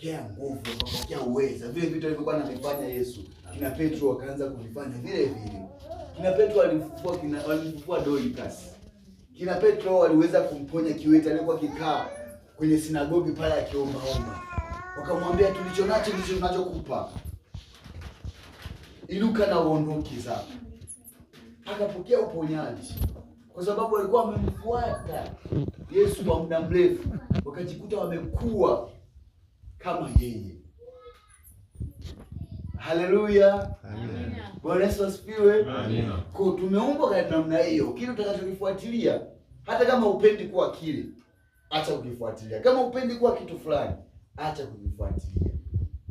wakapokea nguvu, wakapokea uweza, vile vitu alivyokuwa anavifanya Yesu. Kina Petro wakaanza kuvifanya vile vile. Kina Petro alifufua kina walifufua Dorcas. Kina Petro waliweza kumponya kiwete aliyokuwa kikaa kwenye sinagogi pale akiombaomba, wakamwambia tulicho nacho ndicho tunachokupa, iluka na uondoke zako. Akapokea uponyaji kwa sababu walikuwa wamemfuata Yesu kwa muda mrefu, wakajikuta wamekuwa kama yeye. Haleluya, Bwana Yesu asifiwe, Kwa tumeumbwa kwa namna hiyo, kile utakachokifuatilia, hata kama upendi kuwa kile, acha kukifuatilia. Kama upendi kuwa kitu fulani, acha kukifuatilia.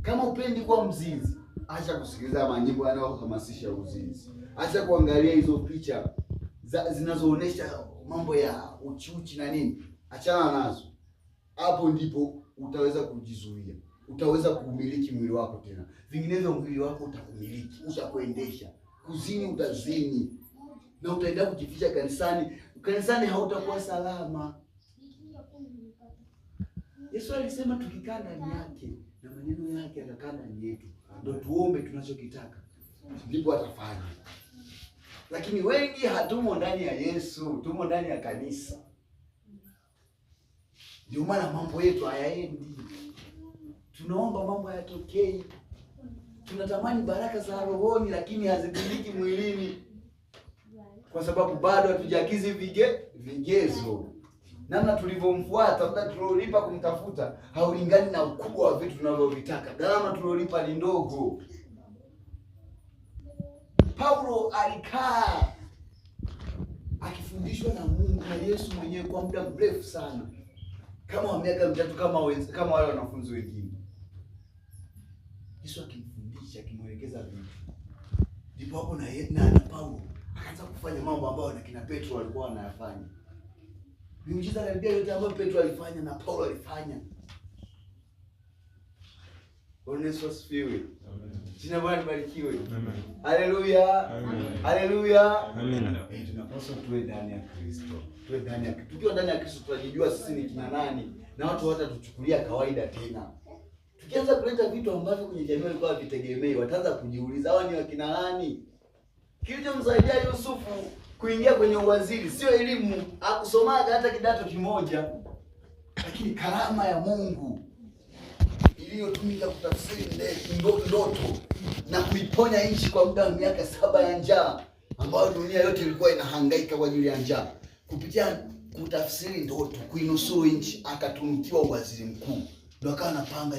Kama upendi kuwa mzinzi, acha kusikiliza manyimbo yanayohamasisha uzinzi. Acha kuangalia hizo picha zinazoonesha mambo ya uchuchi na nini, achana nazo. Hapo ndipo utaweza kujizuia, utaweza kuumiliki mwili wako tena. Vinginevyo mwili wako utakumiliki, utakuendesha kuzini, utazini na utaenda kujificha kanisani. Kanisani hautakuwa salama. Yesu alisema tukikaa ndani yake na maneno yake atakaa ndani yetu, ndio tuombe tunachokitaka, ndipo atafanya. Lakini wengi hatumo ndani ya Yesu, tumo ndani ya kanisa. Ndio maana mambo yetu hayaendi, tunaomba mambo hayatokei. Tunatamani baraka za rohoni, lakini hazibiliki mwilini, kwa sababu bado hatujakizi vige vigezo. Namna tulivyomfuata, muda tuliolipa kumtafuta haulingani na ukubwa wa vitu tunavyovitaka. Gharama tuliolipa ni ndogo. Paulo alikaa akifundishwa na Mungu na Yesu mwenyewe kwa muda mrefu sana kama wa miaka mitatu kama wenzi, kama wale wanafunzi wengine. Yesu akimfundisha akimwelekeza vitu, ndipo hapo na na, na Paulo akaanza kufanya mambo ambayo na kina Petro walikuwa wanayafanya. Miujiza karibia yote ambayo Petro alifanya na Paulo alifanya. Bwana Yesu asifiwe. Amen. Jina Bwana libarikiwe. Haleluya. Haleluya. Amina. Tunapaswa tuwe ndani ya Kristo. Tuwe ndani ya Kristo. Tukiwa ndani ya Kristo tunajijua sisi ni kina nani na watu hawatatuchukulia kawaida tena. Tukianza kuleta vitu ambavyo kwenye jamii walikuwa vitegemei, wataanza kujiuliza hawa ni wakina nani? Kilichomsaidia Yusufu kuingia kwenye uwaziri sio elimu, akusomaga hata kidato kimoja, lakini karama ya Mungu iliyotumika kutafsiri ndoto na kuiponya nchi kwa muda wa miaka saba ya njaa ambayo dunia yote ilikuwa inahangaika kwa ajili ya njaa. Kupitia kutafsiri ndoto kuinusuru nchi akatunukiwa uwaziri mkuu, ndo akawa anapanga